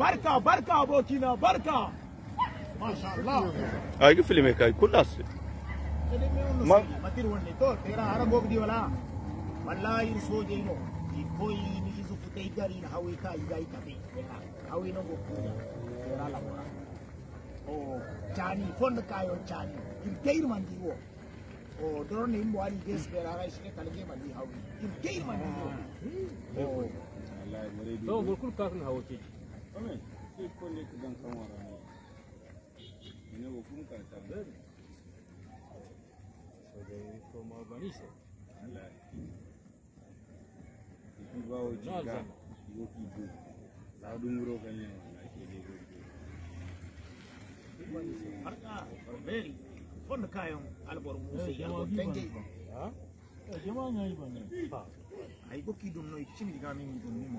بركه بركه بوكينا بركه ما شاء الله هاي فيلم هيك كل ناس ما تروحني تو ترى عرب وقدي ولا والله يسوي جينو يكوي نيزو فتاي دارين هاوي كاي جاي كافي هاوي نو بوكينا ترى لا بورا او تاني فون كايو تاني يكير ماندي وو o doron ni mbwari desperara ishike kalege mandi hawi in kei mandi o Sau burkul kakun hawo ce. Amen. s i ko ne kidan kan wara ne. Ne ba kun ka ta. So da ko ma bani s a Allah. Ki ba o ji ga. Yo ki bu. La dun ro kan n a l ne a r k a beri. Fon kayon albor musa ya go tenge. Ha? j a m a ngai bane. Ha. Ai go ki dum no ichim d i k a min d u n mo.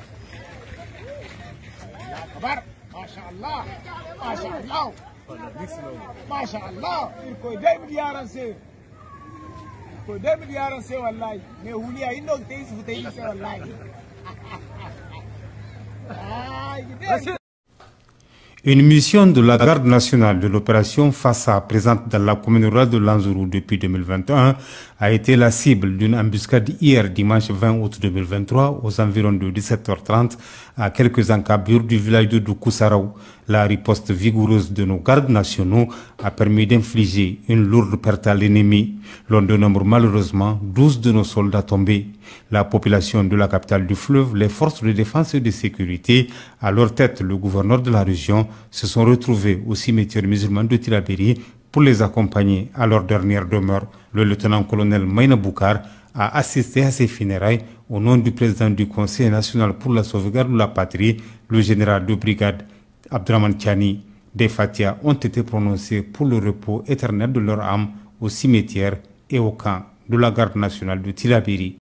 akbar masha Allah masha Allah masha Allah ko dai mu yaran sai wallahi me huliya inda ta yi su ta yi wallahi ai Une mission de la garde nationale de l'opération FASA présente dans la commune rurale de Lanzourou depuis 2021 a été la cible d'une embuscade hier dimanche 20 août 2023 aux environs de 17h30 à quelques encabures du village de Doukousarou. La riposte vigoureuse de nos gardes nationaux a permis d'infliger une lourde perte à l'ennemi. L'on dénombre malheureusement 12 de nos soldats tombés. La population de la capitale du fleuve, les forces de défense et de sécurité, à leur tête le gouverneur de la région, se sont retrouvés au cimetière musulman de Tirabéry pour les accompagner à leur dernière demeure. Le lieutenant-colonel Mayna Boukar a assisté à ces funérailles au nom du président du Conseil national pour la sauvegarde de la patrie, le général de brigade Abdraman Chani, des fatias ont été prononcés pour le repos éternel de leur âme au cimetière et au camp de la garde nationale de Tilabiri.